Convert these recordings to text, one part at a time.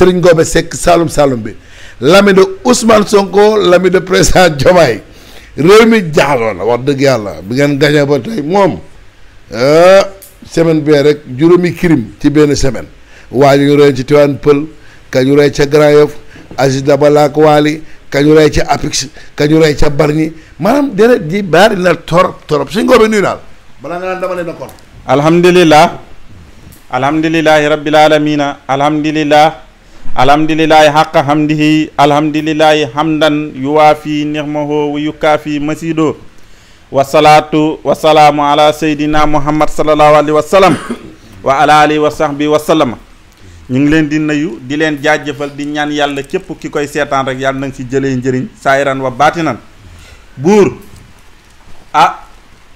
Serigne Gobe Seck Saloum Saloum bi lami de Ousmane Sonko lami de président Diomaye réew mi jaxaloon la wax dëgg yàlla bi ngeen gañee ba tey moom ah, semaine bee rek juróomi crime ci benn semaine waa ñu rey ci Tivaouane Peulh ka ñu rey ca Grand Yoff Aziz Dabala ak Waly ka ñu rey ca Apix ñu rey ca Bargny maanaam deret ji bari na torop torop suñ Gobe nuyu daal balaa nga naan dama leen a kon alhamdulilah alhamdulilahi rabbil alamina alhamdulilah alhamdulillahi xaqa hamdihi alhamdulillahi hamdan yuwaafi nixmahu wa yukaafi masido wasalaatu wasalaamu ala seydina muhammad salallahu alayhi wa sallam wa ala alihi wa sahbi wa sallama ñu ngi leen di nuyu di leen jaajëfal di ñaan yàlla cépp ki koy seetaan rek yàlla nañ ci jëlee njëriñ saayiran wa baatinan buur ah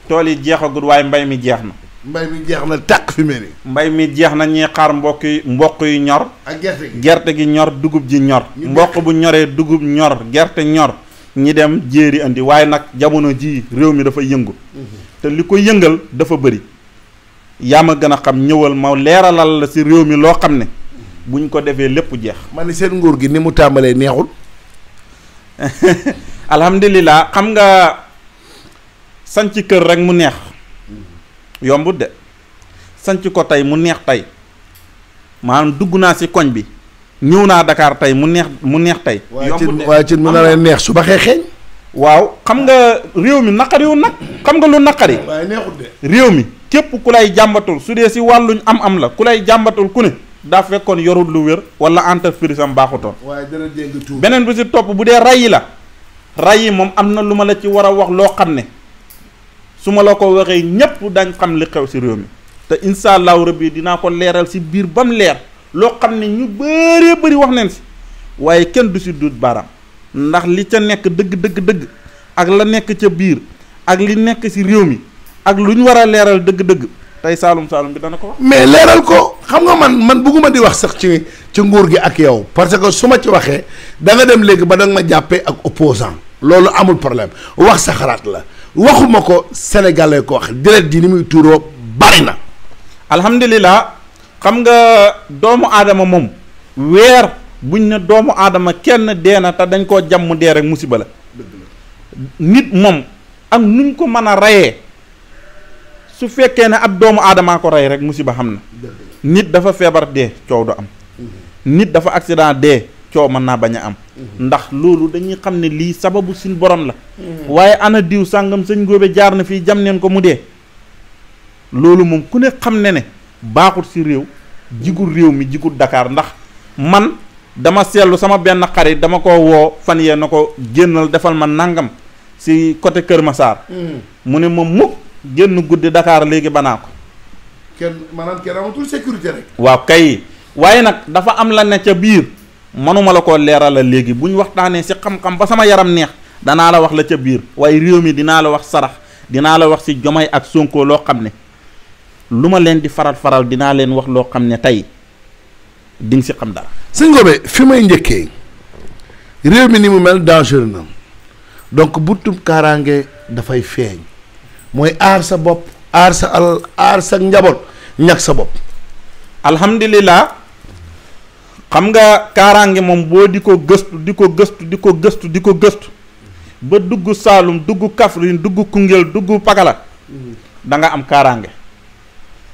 tool yi jeexagul waaye mbay mi jeex na mbay mi jeex na tàq fi mel mbay mi jeex na ñuy xaar mbokk yi mboq yi ñor. ak gerte gi gerte gi ñor dugub ji ñor. mboq bu ñoree dugub ñor gerte ñor. ñi dem jéeri indi waaye nag jamono jii réew mi dafa yëngu. Mhm. te li ko yëngal dafa bëri. yaa ma gën a xam ñëwal ma leeralal la si réew mi loo xam ne. buñ ko defee lépp jeex. ma ne seen nguur gi ni mu tàmbalee neexul. alhamdulilah xam nga. sanc kër rek mu neex. yombut de sanc ko tey mu neex tey maanaam dugg naa si koñ bi ñëw naa dakaar tey mu neex mu neex tey. yombut de waaye ci mën na lay neex su ba xeexeeñ waaw xam nga réew mi naqariwul nag xam nga lu naqari. réew mi képp ku lay jàmbatul su dee si wàlluñ am-am la ku lay jàmbatul ku ne. daa fekkoon yorul lu wér wala entreprise am baaxutoon. waaye dana dégg beneen bi si topp bu dee ray yi la ray yi moom am na lu ma la ci war a wax loo xam ne. su ma la ko waxee ñépp dañ xam li xew ci réew mi te incha allahu rabbi dinaa ko leeral ci biir ba mu leer loo xam ne ñu bëree bëri wax neen si waaye kenn du si duut baaraam ndax li ca nekk dëgg dëgg dëgg ak la nekk ca biir ak li nekk ci réew mi ak lu ñu war a leeral dëgg-dëgg tey saalum saalum bi dana ko wax. mais leeral ko xam nga man man bëgguma di wax sax ci ci nguur gi ak yow parce que su ma ci waxee da dem léegi ba da ma jàppee ak opposant loolu amul problème wax sa xalaat la waxuma ko sénégalais ko wax deret ji ni muy tuuroo bari na alhamdulilah xam nga doomu aadama moom weer buñ ne doomu aadama kenn dee na te dañ koo jàmm dee rek musiba la nit moom ak nuñ ko mën a reyee su fekkee ne ab doomu aadamaa ko rey rek musiba xam na nit dafa feebar dee coow du am mm-hmm. nit dafa accident dee coow mën naa bañ a am ndax loolu dañuy xam ne lii sababu si borom la waaye ana diw sàngam sëñ góobe jaar na fii jam neen ko mu dee loolu moom ku ne xam ne ne baaxul si réew jigul réew mi jigul dakaar ndax man dama seetlu sama benn xarit dama ko woo fan yee na ko génnal defal ma nangam si côté Kër Massar mm. mu ne ma mukk génn guddi Dakar léegi banaa ko kenn waaw kay waaye nag dafa am la ne ca biir manuma la koo leeralal léegi bu ñu waxtaanee si xam-xam ba sama yaram neex danaa la wax la ca biir waaye réew mi dinaa la wax sarax dinaa la wax si Diomaye ak Sonko loo xam ne lu ma leen di faral faral dinaa leen wax loo xam ne tey di si xam dara. sëñ Ngobe fi may njëkkee réew mi ni mu mel dangereux na donc buntum kaaraange dafay feeñ mooy aar sa bopp aar sa alal aar sa njaboot ñag sa bopp. alhamdulilah. xam nga kaaraange moom boo di ko gëstu di ko gëstu di ko gëstu di ko gëstu ba dugg Saalum dugg kafrin dugg Koungheul dugg Pakala mm-hmm. da nga am kaaraange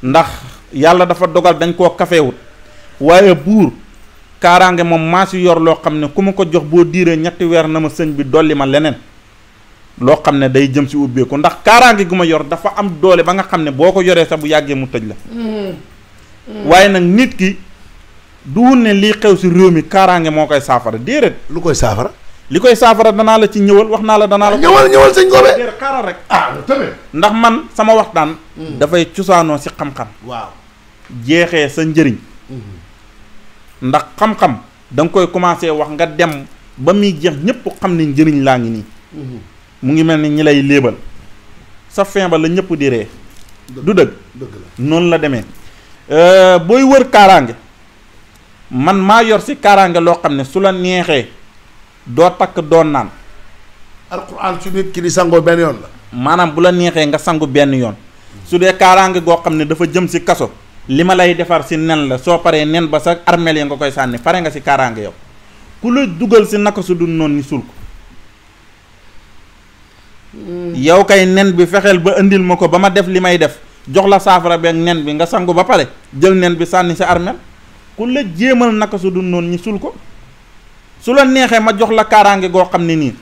ndax yàlla dafa dogal dañ koo kafewut waaye buur kaaraange moom maa si yor loo xam ne ku ma ko jox boo diiree ñetti weer na ma sëñ bi dolli ma leneen loo xam ne day jëm si ubbeeku ndax kaaraange gu ma yor dafa am doole ba nga xam ne boo ko yoree sax bu yàggee mu tëj la mm-hmm. Mm-hmm. waaye nag nit ki duwul ne lii xew si réew mi kaaraange moo koy saafara déedéet. lu koy saafara. li koy saafara danaa la ci ñëwal wax naa la danaa la. ñëwal ñëwal sëñ Gobe. Ah, ndax man sama waxtaan. Mm. dafay cosaanoo si xam-xam. jeexee sa njëriñ. Mm-hmm. ndax xam-xam da koy commencé wax nga dem ba muy jeex ñëpp xam ne njëriñ laa ngi nii. Mm-hmm. mu ngi mel ni ñi lay léebal. sa fin ba la ñëpp di ree du dëgg. la noonu la demee. Euh, booy wër kaaraange. man maa yor si kaaraange loo xam ne su la neexee doo takk doo naan. alxuraan su nit ki di sangoo benn yoon la. maanaam bu la neexee nga sangu benn yoon. su dee kaaraange goo xam ne dafa jëm si kaso. li ma lay defar si nen la soo paree nen ba sa armeel ya nga koy sànni pare nga si kaaraange yow ku la dugal si naka su du noon ni sul ko hmm. yow kay nen bi fexeel ba indil ma ko ba ma def li may def jox la saafara beeg nen bi nga sangu ba pare jël nen bi sànni sa armeel ku la jéemal naka su du noonu ñi sul ko su la neexee ma jox la kaaraange goo xam ne nii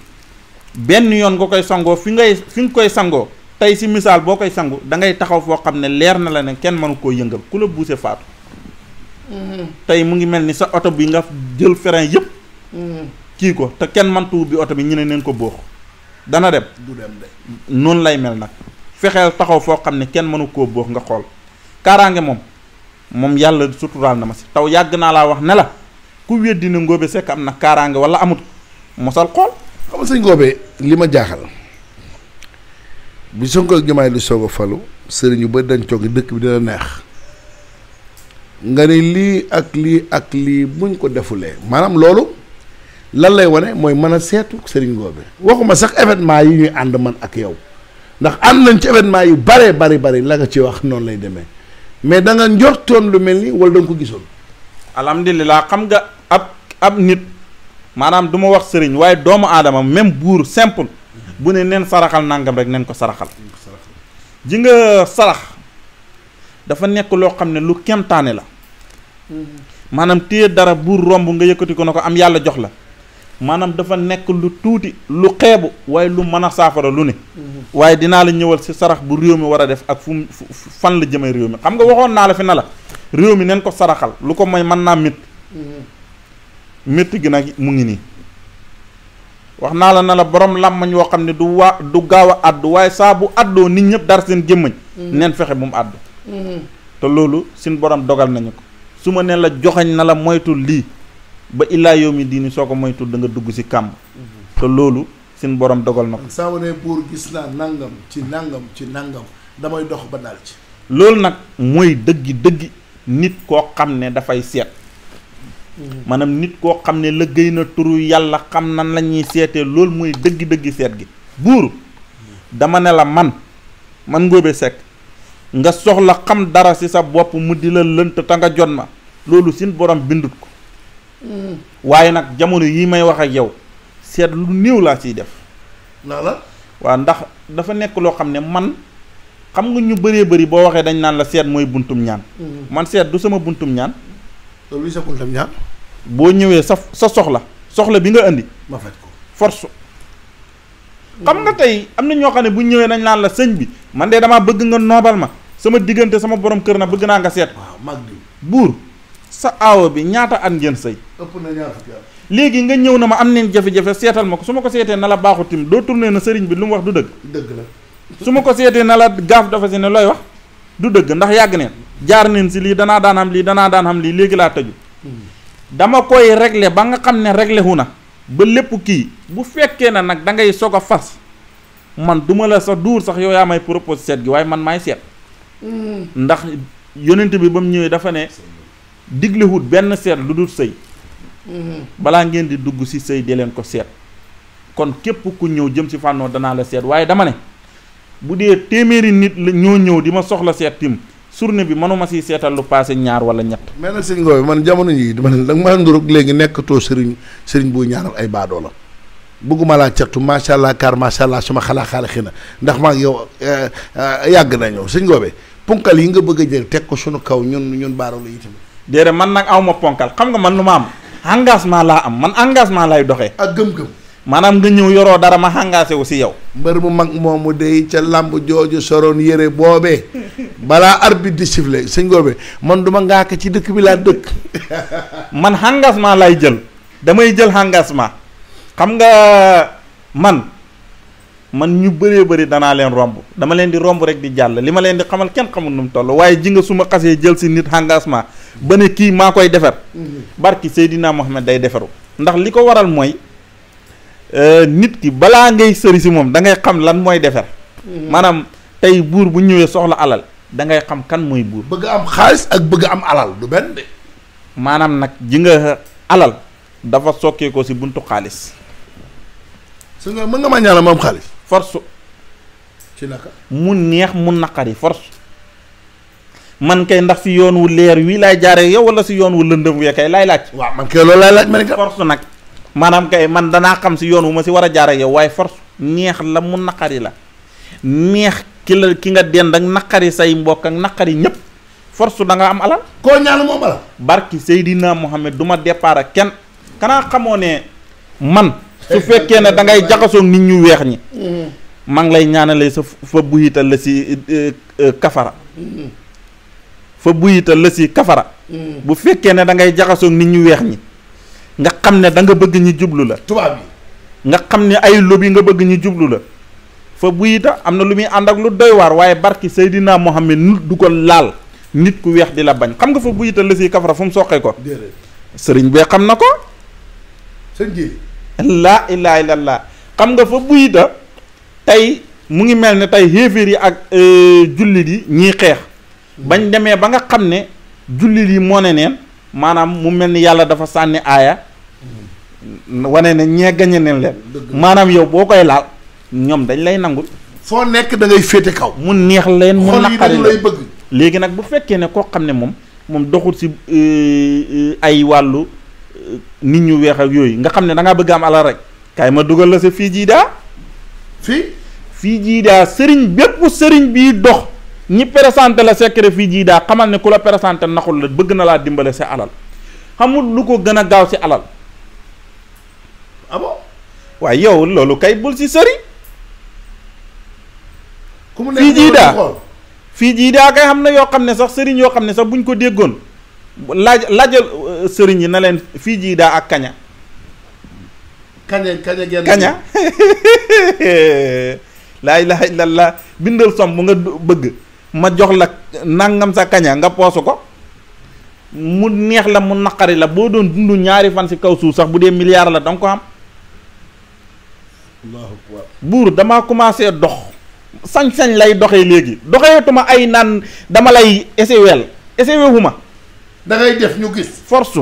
benn yoon nga koy sangoo fi ngay fi nga koy sangoo tey si misaal boo koy sangu dangay taxaw foo xam ne leer na la ne kenn mënu koo yëngal ku la buuse mm-hmm. tey mu ngi mel ni sa oto bi nga jël frein yëpp mm-hmm. kii ko te kenn mëntu ubbi oto bi ñu ne neen ko bóox dana dem du dem noonu lay mel nag fexeel taxaw foo xam ne kenn mënu koo bóox nga xool kaaraange moom moom yàlla suturaal na ma si taw yàgg naa laa wax nela la ku weddi na ngóobe sekk am na kaaraange wala amut mosal xool. xam nga sëñ li ma jaaxal bi Sonko ak Diomaye di soog a falu sëriñ yu ba dañ toog dëkk bi dina neex nga ni lii ak lii ak lii buñ ko defulee maanaam loolu lan lay wane mooy mën a seetu sëriñ ngóobe waxuma sax événement yi ñuy ànd man ak yow ndax ànd nañ ci événement yu bare bari bari laga nga ci wax noonu lay demee. mais da nga njortoon lu mel ni wala da ko gisoon. alhamdulilah xam nga ab ab nit maanaam duma wax sëriñ waaye doomu aadama même buur simple bu ne neen saraxal nangam rek neen ko saraxal. ji nga sarax dafa nekk loo xam ne lu kemtaane la. Mm-hmm. maanaam téye dara buur romb nga yëkkati ko na ko am yàlla jox la. maanaam dafa nekk lu tuuti lu xeebu waaye lu mën a saafara lu ne waaye dinaa la ñëwal si sarax bu réew mi war a def ak fu fan la jëmee réew mi xam nga waxoon naa la na la réew mi neen ko saraxal lu ko may mën naa métti métti gi nag mu ngi nii wax naa la na la borom làmmañ woo xam ne du waa du gaaw a àddu waaye saa bu àddoo nit ñëpp dar seen gémmañ neen fexe bu mu àddu mm-hmm. te loolu suñ borom dogal nañu ko su ma ne la joxañ na la moytu lii ba illaay yow mi diini soo ko moytu danga dugg si kàmb te loolu suñ borom dogal na ko saa buur gis naa nangam ci nangam ci nangam damay dox ba dal ci loolu nag mooy dëggi dëggi nit koo xam ne dafay seet mhm. maanaam nit koo xam ne liggéey na turu yàlla xam nan la ñuy seetee loolu mooy dëggi dëggi seet gi buur dama ne la man man ngóobe sekk nga soxla xam dara si sa bopp mu di la lënt te nga jot ma loolu sin borom bindut ko waaye nag jamono yi may wax a yow seet lu néew laa ciy def. la waaw ndax dafa nekk loo xam ne man xam nga ñu bëree bari boo waxee dañ naan la seet mooy buntum ñaan. Mm. man seet du sama buntum ñaan. loolu sa buntum boo ñëwee sa sa soxla soxla bi nga indi. ma ko force. xam nga tey am na ñoo xam ne bu ñëwee dañ naan la sëñ bi man de damaa bëgg nga noobal ma sama diggante sama boroom kër na bëgg naa nga seet. waaw mag buur. sa aawa bi ñaata at ngeen sëy ëpp na léegi nga ñëw na ma am neen jafe-jafe seetal ma ko su ma ko seetee na la baaxu tim doo tourné na sëriñ bi lu mu wax du dëgg dëgg la su ma ko seetee na la gaaf dafa si ne looy wax du dëgg ndax yàgg neen jaar neen si lii danaa daan am lii danaa daan am lii léegi laa tëju hmm. dama koy regle ba nga xam ne régler wu na ba lépp kii bu fekkee na nag dangay ngay soog a fas man duma la sa duur sax yow yaa may propose seet gi waaye man maay seet hmm. ndax yonent bi ba mu ñëwee dafa ne diglewut benn seet lu dul sëy mhm. balaa ngeen di dugg ci sëy di leen ko seet kon képp ku ñëw jëm ci fànnoo danaa la seet waaye dama ne bu dee téeméeri nit la ñoo ñëw di ma soxla seet tim surne bi manuma si seetal lu paase ñaar wala ñett mais nag sëñ Ngoye man jamono yi dama ne danga ma ndurug léegi nekkatoo sëriñ sëriñ buy ñaanal ay baadoola la bëgguma laa certu macha allah car macha allah suma xalaa xaala xi na ndax maag yow eh, eh, yàgg nañu sëñ Ngoye ponkal yi nga bëgg jël teg ko sunu kaw ñun ñun baadoo la itam déedéet man nag aw ma ponkal xam nga man lu ma am engagement laa am man engagement lay doxee. ak gëm-gëm. maanaam nga ñëw yoroo dara ma engagé wu si yow. mbër mu mag mu day ca làmb jooju soroon yére boobee balaa arbitre di siffler sëñ Gobe man du ma ngaaka ci dëkk bi laa dëkk. man engagement laay jël damay jël engagement xam nga man man ñu bëree bëri danaa leen romb dama leen di romb rek di jàll li ma leen di xamal kenn xamul nu mu toll waaye ji nga su ma xasee jël si nit engagement. ba ne kii maa koy defar barki Seydina Mohamed day defaru ndax li ko waral mooy euh, nit ki balaa ngay sëri si moom dangay xam lan mooy defar mhm. maanaam tey buur bu ñëwee soxla alal da ngay xam kan mooy buur bëgg am xaalis ak bëgg am alal du benn maanaam nag ji nga alal dafa sokkee ko si buntu xaalis su nga mën nga maa ñaanal force ci mu neex mu naqari force man kay ndax si yoon wu leer wii laay jaaree yow wala si yoon wu lëndëm wee kay laay laaj. waaw man kay loolu laay laaj ma ne force nag maanaam kay man danaa xam si yoon wu ma si war a jaaree yow waaye force neex la mu naqari la neex ki la ki nga dend ak naqari say mbokk ak naqari ñëpp force da nga am alal. koo ñaanu moom alal. barki Seydina Mohamed du ma départ ak kenn kanaa xamoo ne man. su fekkee ne da ngay jaxasoo nit ñu weex ñi. Mm-hmm. maa lay ñaanalee sa fa buyital la si eh, eh, kafara. Mm-hmm. fa buyita la si kafara mm. bu fekkee ne dangay ngay nit ñu weex ñi nga xam ne danga bëgg ñu jublu la tubaab nga xam ne ay lobi nga bëgg ñu jublu la fa buyita am na lu muy ànd ak lu doy waar waaye barki Seydina xam ne du ko laal nit ku weex di la bañ xam nga fa buyita la si kafara fu mu soqee ko sëriñ bee xam na ko sëñ ji laa ilaaha illallaah xam nga fa buyita tey mu ngi mel ne tey xéeféer yi ak euh, jullit yi ñuy xeex bañ demee ba nga xam ne jullit yi moo ne neen maanaam mu mel ni yàlla dafa sànni aaya wane ne ñee gañe neen leen maanaam yow boo koy laal ñoom dañ lay nangul foo nekk dangay féete kaw mu neex leen mu naqari lay bëgg léegi nag bu fekkee ne koo xam ne moom moom doxul si euh, euh, ay wàllu euh, nit ñu weex ak yooyu nga xam ne da ngaa bëgg am alal rek kaay ma dugal la sa fii jii daa fii fii jii daa sëriñ bépp sëriñ bii dox ñi présenté la secret fii jii daa xamal ne ku la présenté naxul la bëgg na laa dimbale sa alal xamul lu ko gën a gaaw si alal ah waaye yow loolu kay bul si sëri fii jii fii jii daa kay xam na yoo xam ne sax sëriñ yoo xam ne sax buñ ko déggoon laaj laajal euh, sëriñ yi na leen fii jii daa ak kaña kaña kaña genn kaña laa la la bindal som bu nga bëgg ma jox la nangam sa kaña nga poosu ko mu neex la mu naqari la boo doon dund ñaari fan si kaw suuf sax bu dee milliard la danga ko am buur dama commencé dox sañ-sañ lay doxe léegi doxeetuma ay naan dama lay esewel esewewuma dangay def ñu gis force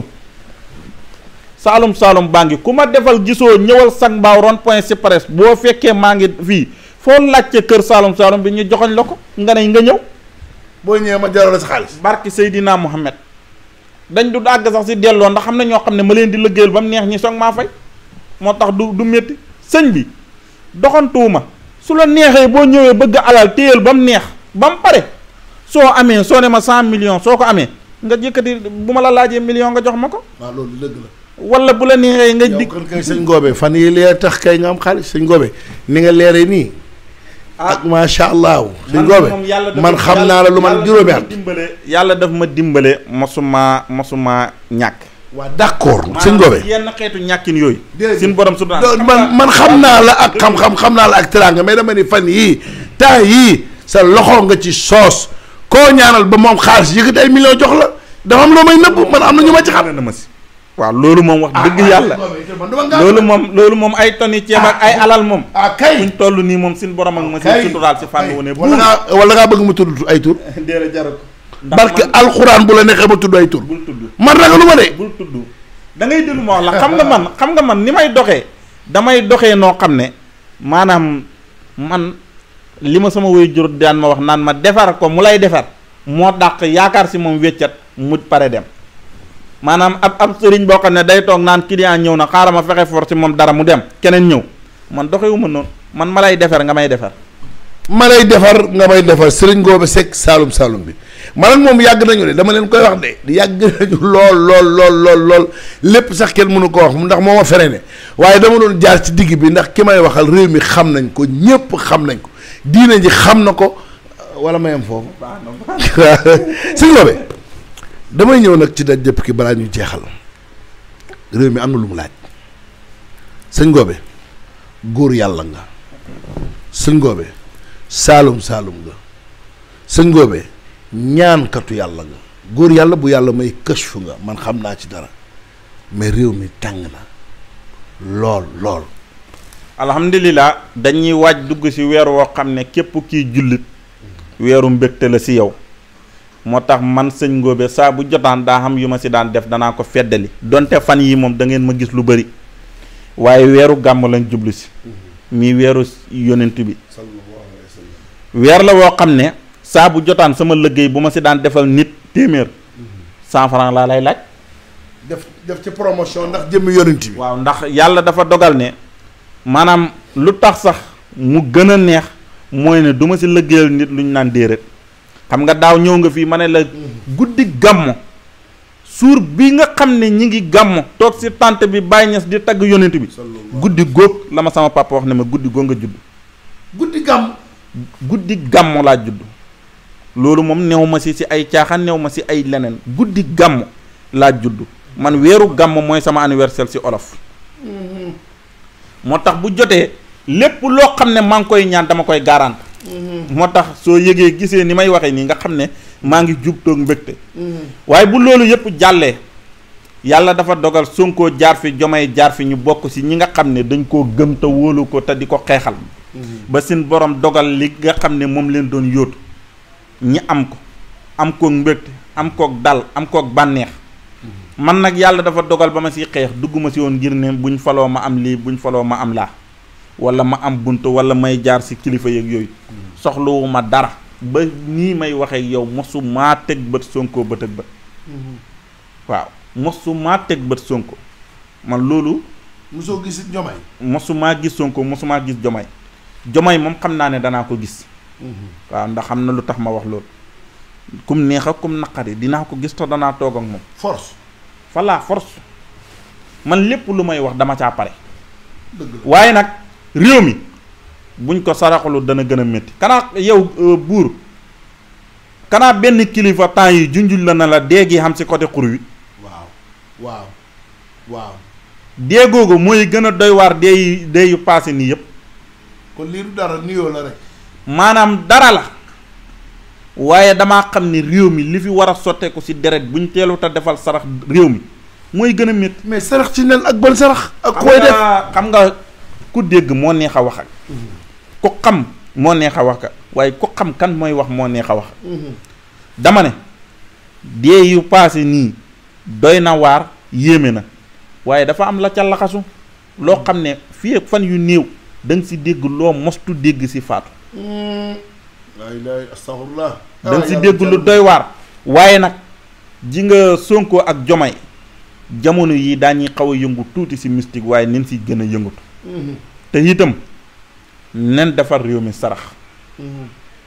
saalum saalum baa ngi ku ma defal gisoo ñëwal sac mbaaw rond point si presse boo fekkee maa ngi fii foo laajtee kër Saalum Saalum bi ñu joxoñ la ko nga ne nga ñëw. boo ñëwee ma delloo la sa xaalis. barki Seydina Mohamed dañ du àgg sax si delloo ndax xam ne ñoo xam ne ma leen di liggéeyal ba mu neex ñi soog maa fay moo tax du du métti sëñ bi doxantuwuma su la neexee boo ñëwee bëgg alal téyal ba mu neex ba mu pare soo amee soo ne ma cent million soo ko amee nga jëkkati bu ma la laajee million nga jox ma ko. waaw wala bu la neexee nga. di yow kon kay sëñ fan yi leer tax kay nga am xaalis sëñ Ngobe ni nga leeree nii. Ah. ak macha allah. suñ goobe man xam naa la lu man juróomi at yàlla daf ma dimbale mosuma mosuma ñàkk. waaw d'accord suñ goobe yenn xeetu ñàkkin yooyu. suñ borom su man man xam naa la ak xam-xam xam naa la ak teraanga mais dama ni fan yii temps yii sa loxo nga ci soos koo ñaanal ba moom xaalis yëkkati ay millions jox la dafa am loo may nëbb man am na ñu ma ci xam. waaw loolu moom wax dëgg ah, ah, yàlla loolu moom loolu moom ay toni ceeb ak ay ah, alal moom kay buñ nii moom sin borom ak ma si suturaal si fànn wone wala ngaa wala ngaa bëgg ma tudd ay tur déedéet jarako barke alxuraan bu la neexee ma tudd ay tur bul tudd man ragalu ma de bul tudd da ngay déglu ma wax xam nga man xam nga man ni may doxee damay doxee noo xam ne maanaam man li ma sama way jur daan ma wax naan ma defar ko mu lay defar moo dàq yaakaar si moom wéccat mu pare dem maanaam ab ab sëriñ boo xam ne day toog naan client ñëw na xaaral ma fexe for ci moom dara mu dem keneen ñëw man doxewu ma noonu man ma lay defar nga may defar. ma lay defar nga may defar sëriñ Ngobe Seck Saalum Saalum bi man ak moom yàgg nañu de dama leen koy wax de yàgg lool lool lool lool lool lépp sax kenn mënu ko wax ndax moo ma ne waaye dama doon jaar ci digg bi ndax ki may waxal réew mi xam nañ ko ñépp xam nañ ko diine ji xam na ko wala mayam foofu. waaw sëriñ damay ñëw nag ci daj jëpp ki balaa ñuy jeexal réew mi am na lu mu laaj sëñ Ngobe góor yàlla nga sëñ Ngobe saalum saalum nga sëñ ñaankatu yàlla nga góor yàlla bu yàlla may këchfu nga man xam naa ci dara mais réew mi tàng na lool lool alhamdulilah dañuy waaj dugg ci weer woo xam ne képp kiy jullit weeru mbégte la ci yow moo tax man sëñ ngóobe saabu jotaan daa xam yu ma si daan def danaa ko feddali donte fan yii moom da ngeen ma gis lu bëri waaye weeru gàmm lañ jublu si mm-hmm. mii weeru yonent bi weer la woo xam ne saabu jotaan sama liggéey bu ma si daan defal nit téeméer mm-hmm. cent franc laa lay laaj def def ci promotion ndax jëmm yonent bi waaw ndax yàlla dafa dogal ne maanaam lu tax sax mu gën a neex mooy ne duma ma si liggéeyal nit lu ñu naan déeréet xam nga daaw ñëw nga fii ma ne la guddi gàmm suur bi nga xam ne ñi ngi gàmm toog si tànt bi bàyyi ñes di tagg yonent bi guddi góog la ma sama papa wax ne ma guddi góog nga judd guddi gàmm guddi gàmm laa loolu moom new ma si si ay caaxaan new ma si ay leneen guddi gàmm laa judd man weeru gàmm mooy sama anniversaire si olof mm-hmm. moo tax bu jotee lépp loo xam ne maa ngi koy ñaan dama koy garante Mm-hmm. moo tax soo yëgee gisee ni may waxee nii nga xam ne maa ngi jub toog mbégte mm-hmm. waaye bu loolu yëpp jàllee yàlla dafa dogal Sonko jaar fi Diomaye jaar fi ñu bokk si ñi nga xam ne dañ koo gëm te wóolu ko te di ko xeexal mm-hmm. ba seen borom dogal li nga xam ne moom leen doon yóotu ñi am ko am koog mbégte am koog dal am koog bànneex man nag yàlla dafa dogal ba ma siy xeex dugguma si woon ngir ne buñ faloo ma am lii buñ faloo ma am laa wala ma am bunt wala may jaar si kilifa yeeg yooyu hmm. soxlawu ma dara ba nii may waxee yow mosu maa teg bët Sonko bët ak bët hmm. waaw mosu teg bët Sonko man loolu. mosoo gis Jomay. mosu maa gis Sonko mosu moom xam naa ne danaa ko gis. Hmm. waaw ndax xam na lu tax ma wax loolu. kum neex ak kum naqari dinaa ko gis te danaa toog ak moom. force. voilà force man lépp lu may wax dama caa pare. waaye nag. réew mi buñ ko saraxalu dana gën a métti kanaa yow euh, buur kanaa benn kilifa temps yi junjuñ la na la déegi xam si côté xur wi waaw dee googu mooy gën a doy waar dee yi dee yu paase nii yëpp. kon lii dara nuyoo maanaam dara la waaye dama xam ni réew mi li fi war a sotteeku ci deret buñ teelu te defal sarax réew mi mooy gën a métti. mais sarax ci nen ak ban sarax. ak koy def xam nga. ku dégg moo neex a wax ak mm-hmm. ku xam moo neex a wax ka waaye ku xam kan mooy wax moo neex a wax mm-hmm. dama ne dee yu paase nii doy na waar yéeme na waaye dafa am la ca laxasu loo xam ne fii ak fan yu néew da nga si dégg mostu dégg si faatu mm-hmm. ah, si dégg lu doy waar waaye nag ji nga Sonko ak Diomaye jamono yi daañuy xaw a yëngu tuuti si mystique waaye nin si gën a yëngatu te itam nen defar réew mi sarax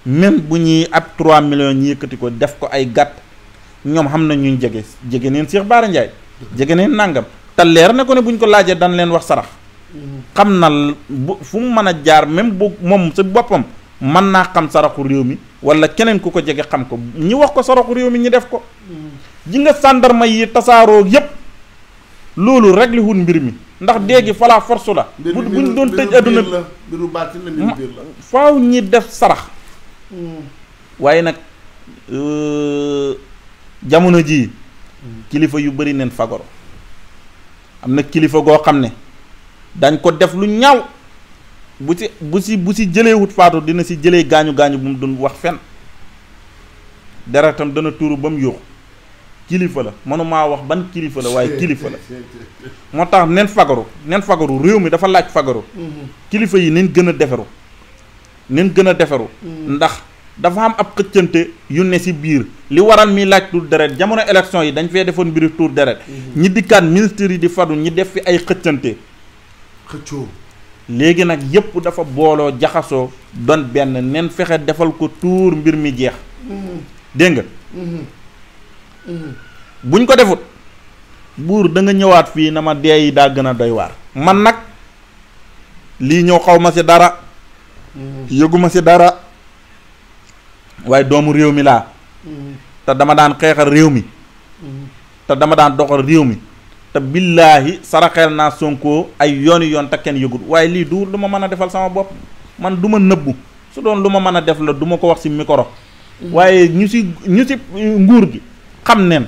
même bu ñuy ab 3 millions ñu yëkkati ko def ko ay gàtt ñoom xam na ñuy jege jege neen seex Bara Ndiaye jege neen nàngam te leer na ko ne bu ñu ko laajee dan leen wax sarax xam na bu fu mu mën a jaar même bu moom sa boppam mën naa xam saraxu réew mi wala keneen ku ko jege xam ko ñi wax ko saraxu réew mi ñi def ko mm-hmm. ji nga sàndarma yi tasaaroo yépp loolu réglé wul mbir mi ndax déggi falaa force la bu buñ doon tëj adduna mbiru baatin la mbiru biir la faaw ñi def sarax hmm. waaye nag euh, jamono ji hmm. kilifa yu bari neen fagoro am na kilifa goo xam ne dañ ko def lu ñaw bu ci bu si bu si jëlee wut faatu dina si jëlee gaañu gaañu bu mu doon wax fen deretam dana tuuru ba mu yuux kilifa la mënumaa wax ban kilifa la waaye kilifa la moo tax nen fagaru nen fagaru réew mi dafa laaj fagaru mm-hmm. kilifa yi nen gën a deferu nen gën a deferu mm-hmm. ndax dafa am ab xëccante yu ne si biir li waral mi laaj tur deret jamono élection yi dañ fee defoon mbiri tur deret mm-hmm. ñi dikkaat ministres yi di fadu ñi def fi ay xëccante xëccoo léegi nag yépp dafa booloo jaxasoo doon benn nen fexe defal ko tuur mbir mi jeex dégg nga buñ ko defut buur da nga ñëwaat fii na ma dee yi daa gën a doy waar man nag lii ñëw xaw ma si dara yëguma si dara waaye doomu réew mi laa te dama daan xeexal réew mi te dama daan doxal réew mi te billaahi saraxeel naa Sonko ay yoon yu yoon te kenn yëgut waaye lii du lu ma mën a defal sama bopp man du ma nëbbu su doon lu ma mën a def la duma ko wax si mikoro mm. waaye ñu si ñu si nguur gi xam nen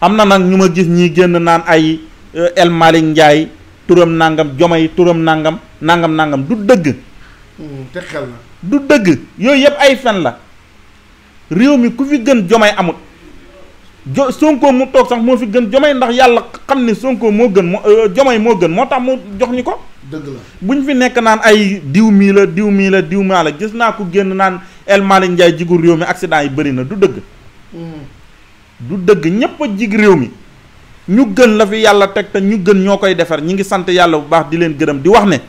am na nag ñu ma gis ñi génn naan ay euh, El Malick turam nangam jomay turam nangam nangam nangam du dëgg. Hmm, te du dëgg yooyu yëpp ay fen la réew mi ku fi gën jomay amut jo Sonko mu toog sax moo fi gën jomay ndax yàlla xam ne Sonko moo gën moo jomay euh, moo gën moo tax mu jox ñu ko. dëgg la bu ñu fi nekk naan ay diw mii la diw mii la diw maa la gis naa ko génn naan El Malick Ndiaye jigu réew mi accident yi bëri na du dëgg. Hmm. du dëgg ñépp a jig réew mi ñu gën la fi yàlla teg te ñu gën ñoo koy defar ñi ngi sant yàlla bu baax di leen gërëm di wax ne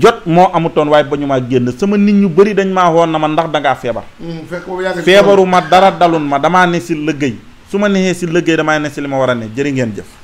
jot moo amutoon waaye ba ñu maa génn sama nit ñu bari dañ maa woon na ma ndax dangaa feebar mm, feebaru ma dara dalun ma damaa ne si liggéey su ma nexee si liggéey damaa ne si li ma war a ne jëri ngeen jëf